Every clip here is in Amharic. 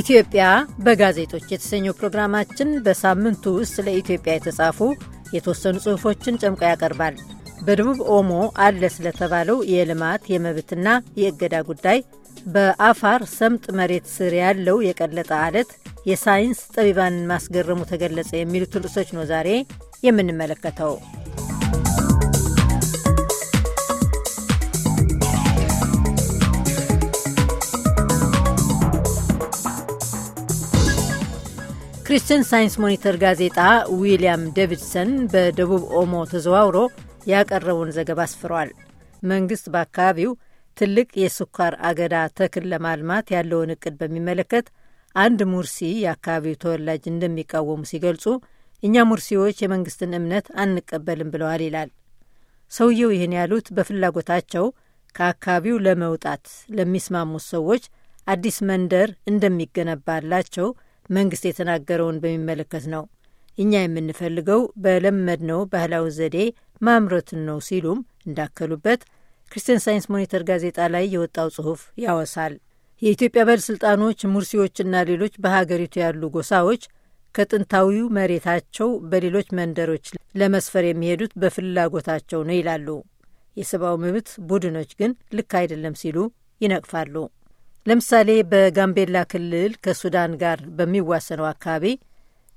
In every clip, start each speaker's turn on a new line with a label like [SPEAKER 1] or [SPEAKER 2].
[SPEAKER 1] ኢትዮጵያ በጋዜጦች የተሰኘው ፕሮግራማችን በሳምንቱ ውስጥ ስለ ኢትዮጵያ የተጻፉ የተወሰኑ ጽሑፎችን ጨምቆ ያቀርባል። በደቡብ ኦሞ አለ ስለተባለው የልማት የመብትና የእገዳ ጉዳይ፣ በአፋር ሰምጥ መሬት ስር ያለው የቀለጠ አለት የሳይንስ ጠቢባንን ማስገረሙ ተገለጸ የሚሉትን ርዕሶች ነው ዛሬ የምንመለከተው። ከክርስቲያን ሳይንስ ሞኒተር ጋዜጣ ዊልያም ዴቪድሰን በደቡብ ኦሞ ተዘዋውሮ ያቀረበውን ዘገባ አስፍሯል። መንግሥት በአካባቢው ትልቅ የስኳር አገዳ ተክል ለማልማት ያለውን እቅድ በሚመለከት አንድ ሙርሲ የአካባቢው ተወላጅ እንደሚቃወሙ ሲገልጹ፣ እኛ ሙርሲዎች የመንግስትን እምነት አንቀበልም ብለዋል ይላል። ሰውየው ይህን ያሉት በፍላጎታቸው ከአካባቢው ለመውጣት ለሚስማሙት ሰዎች አዲስ መንደር እንደሚገነባላቸው መንግስት የተናገረውን በሚመለከት ነው። እኛ የምንፈልገው በለመድነው ባህላዊ ዘዴ ማምረትን ነው ሲሉም እንዳከሉበት ክርስቲያን ሳይንስ ሞኒተር ጋዜጣ ላይ የወጣው ጽሑፍ ያወሳል። የኢትዮጵያ ባለሥልጣኖች ሙርሲዎችና ሌሎች በሀገሪቱ ያሉ ጎሳዎች ከጥንታዊው መሬታቸው በሌሎች መንደሮች ለመስፈር የሚሄዱት በፍላጎታቸው ነው ይላሉ። የሰብአዊ መብት ቡድኖች ግን ልክ አይደለም ሲሉ ይነቅፋሉ። ለምሳሌ በጋምቤላ ክልል ከሱዳን ጋር በሚዋሰነው አካባቢ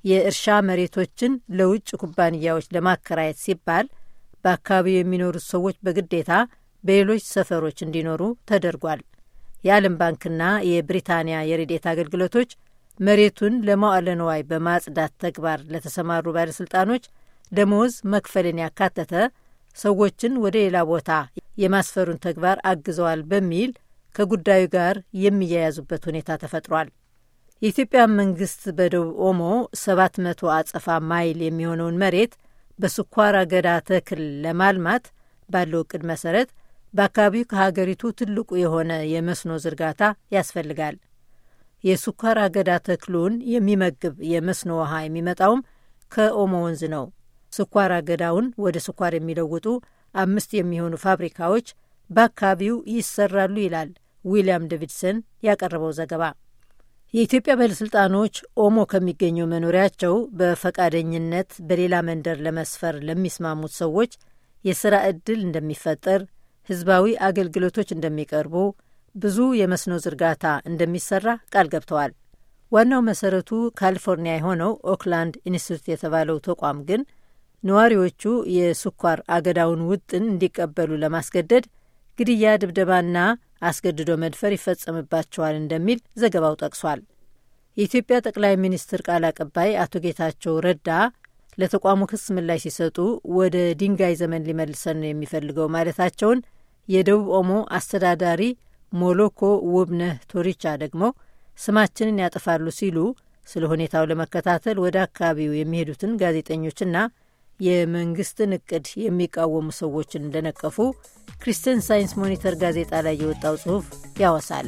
[SPEAKER 1] የእርሻ መሬቶችን ለውጭ ኩባንያዎች ለማከራየት ሲባል በአካባቢው የሚኖሩት ሰዎች በግዴታ በሌሎች ሰፈሮች እንዲኖሩ ተደርጓል። የዓለም ባንክና የብሪታንያ የረድኤት አገልግሎቶች መሬቱን ለመዋዕለ ንዋይ በማጽዳት ተግባር ለተሰማሩ ባለሥልጣኖች ደሞዝ መክፈልን ያካተተ ሰዎችን ወደ ሌላ ቦታ የማስፈሩን ተግባር አግዘዋል በሚል ከጉዳዩ ጋር የሚያያዙበት ሁኔታ ተፈጥሯል። የኢትዮጵያ መንግስት በደቡብ ኦሞ 700 አጸፋ ማይል የሚሆነውን መሬት በስኳር አገዳ ተክል ለማልማት ባለው እቅድ መሰረት በአካባቢው ከሀገሪቱ ትልቁ የሆነ የመስኖ ዝርጋታ ያስፈልጋል። የስኳር አገዳ ተክሉን የሚመግብ የመስኖ ውሃ የሚመጣውም ከኦሞ ወንዝ ነው። ስኳር አገዳውን ወደ ስኳር የሚለውጡ አምስት የሚሆኑ ፋብሪካዎች በአካባቢው ይሰራሉ ይላል ዊልያም ዴቪድሰን ያቀረበው ዘገባ። የኢትዮጵያ ባለሥልጣኖች ኦሞ ከሚገኘው መኖሪያቸው በፈቃደኝነት በሌላ መንደር ለመስፈር ለሚስማሙት ሰዎች የሥራ ዕድል እንደሚፈጠር፣ ሕዝባዊ አገልግሎቶች እንደሚቀርቡ፣ ብዙ የመስኖ ዝርጋታ እንደሚሠራ ቃል ገብተዋል። ዋናው መሠረቱ ካሊፎርኒያ የሆነው ኦክላንድ ኢንስቲትዩት የተባለው ተቋም ግን ነዋሪዎቹ የስኳር አገዳውን ውጥን እንዲቀበሉ ለማስገደድ ግድያ፣ ድብደባና አስገድዶ መድፈር ይፈጸምባቸዋል እንደሚል ዘገባው ጠቅሷል። የኢትዮጵያ ጠቅላይ ሚኒስትር ቃል አቀባይ አቶ ጌታቸው ረዳ ለተቋሙ ክስ ምላሽ ሲሰጡ ወደ ድንጋይ ዘመን ሊመልሰን ነው የሚፈልገው ማለታቸውን የደቡብ ኦሞ አስተዳዳሪ ሞሎኮ ውብነህ ቶሪቻ ደግሞ ስማችንን ያጠፋሉ ሲሉ ስለ ሁኔታው ለመከታተል ወደ አካባቢው የሚሄዱትን ጋዜጠኞችና የመንግስትን እቅድ የሚቃወሙ ሰዎችን እንደነቀፉ ክርስቲያን ሳይንስ ሞኒተር ጋዜጣ ላይ የወጣው ጽሑፍ ያወሳል።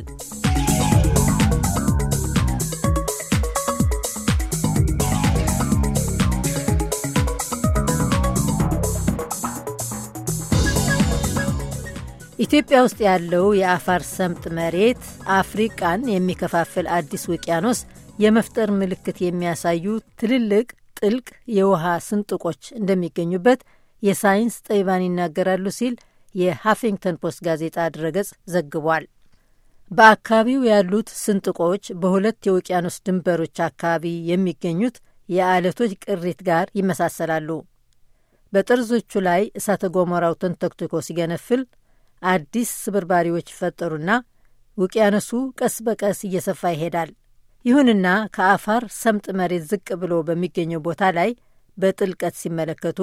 [SPEAKER 1] ኢትዮጵያ ውስጥ ያለው የአፋር ሰምጥ መሬት አፍሪቃን የሚከፋፍል አዲስ ውቅያኖስ የመፍጠር ምልክት የሚያሳዩ ትልልቅ ጥልቅ የውሃ ስንጥቆች እንደሚገኙበት የሳይንስ ጠይባን ይናገራሉ ሲል የሃፊንግተን ፖስት ጋዜጣ ድረገጽ ዘግቧል። በአካባቢው ያሉት ስንጥቆች በሁለት የውቅያኖስ ድንበሮች አካባቢ የሚገኙት የአለቶች ቅሪት ጋር ይመሳሰላሉ። በጠርዞቹ ላይ እሳተ ገሞራው ተንተክትኮ ሲገነፍል አዲስ ስብርባሪዎች ይፈጠሩና ውቅያኖሱ ቀስ በቀስ እየሰፋ ይሄዳል። ይሁንና ከአፋር ሰምጥ መሬት ዝቅ ብሎ በሚገኘው ቦታ ላይ በጥልቀት ሲመለከቱ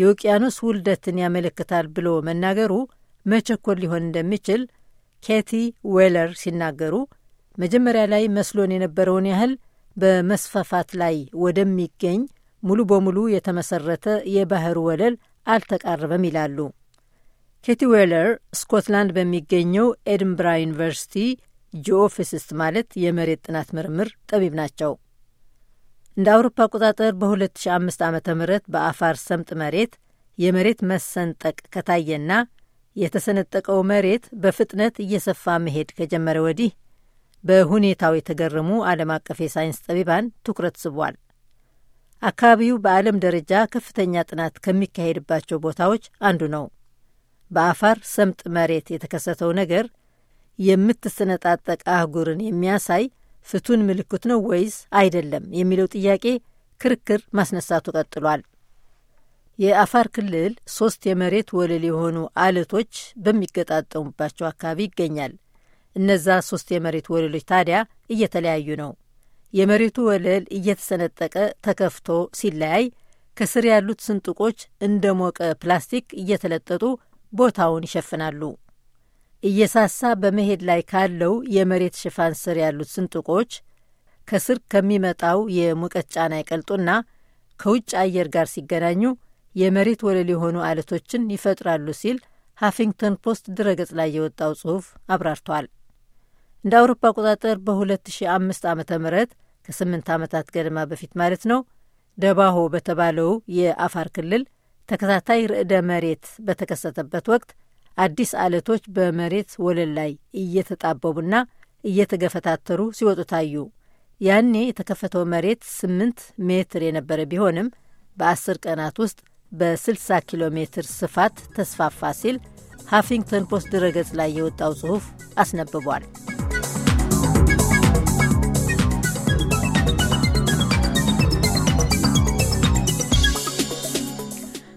[SPEAKER 1] የውቅያኖስ ውልደትን ያመለክታል ብሎ መናገሩ መቸኮል ሊሆን እንደሚችል ኬቲ ዌለር ሲናገሩ መጀመሪያ ላይ መስሎን የነበረውን ያህል በመስፋፋት ላይ ወደሚገኝ ሙሉ በሙሉ የተመሰረተ የባህር ወለል አልተቃረበም ይላሉ። ኬቲ ዌለር ስኮትላንድ በሚገኘው ኤድንብራ ዩኒቨርሲቲ ጂኦፊስስት ማለት የመሬት ጥናት ምርምር ጠቢብ ናቸው። እንደ አውሮፓ አቆጣጠር በ2005 ዓ ም በአፋር ሰምጥ መሬት የመሬት መሰንጠቅ ከታየና የተሰነጠቀው መሬት በፍጥነት እየሰፋ መሄድ ከጀመረ ወዲህ በሁኔታው የተገረሙ ዓለም አቀፍ የሳይንስ ጠቢባን ትኩረት ስቧል። አካባቢው በዓለም ደረጃ ከፍተኛ ጥናት ከሚካሄድባቸው ቦታዎች አንዱ ነው። በአፋር ሰምጥ መሬት የተከሰተው ነገር የምትሰነጣጠቅ አህጉርን የሚያሳይ ፍቱን ምልክት ነው ወይስ አይደለም የሚለው ጥያቄ ክርክር ማስነሳቱ ቀጥሏል። የአፋር ክልል ሶስት የመሬት ወለል የሆኑ አለቶች በሚገጣጠሙባቸው አካባቢ ይገኛል። እነዛ ሶስት የመሬት ወለሎች ታዲያ እየተለያዩ ነው። የመሬቱ ወለል እየተሰነጠቀ ተከፍቶ ሲለያይ ከስር ያሉት ስንጥቆች እንደ ሞቀ ፕላስቲክ እየተለጠጡ ቦታውን ይሸፍናሉ። እየሳሳ በመሄድ ላይ ካለው የመሬት ሽፋን ስር ያሉት ስንጥቆች ከስር ከሚመጣው የሙቀት ጫና ይቀልጡና ከውጭ አየር ጋር ሲገናኙ የመሬት ወለል የሆኑ አለቶችን ይፈጥራሉ ሲል ሃፊንግተን ፖስት ድረገጽ ላይ የወጣው ጽሑፍ አብራርቷል። እንደ አውሮፓ አቆጣጠር በ2005 ዓ ም ከ8 ዓመታት ገደማ በፊት ማለት ነው ደባሆ በተባለው የአፋር ክልል ተከታታይ ርዕደ መሬት በተከሰተበት ወቅት አዲስ አለቶች በመሬት ወለል ላይ እየተጣበቡና እየተገፈታተሩ ሲወጡ ታዩ። ያኔ የተከፈተው መሬት ስምንት ሜትር የነበረ ቢሆንም በአስር ቀናት ውስጥ በ60 ኪሎ ሜትር ስፋት ተስፋፋ ሲል ሃፊንግተን ፖስት ድረገጽ ላይ የወጣው ጽሑፍ አስነብቧል።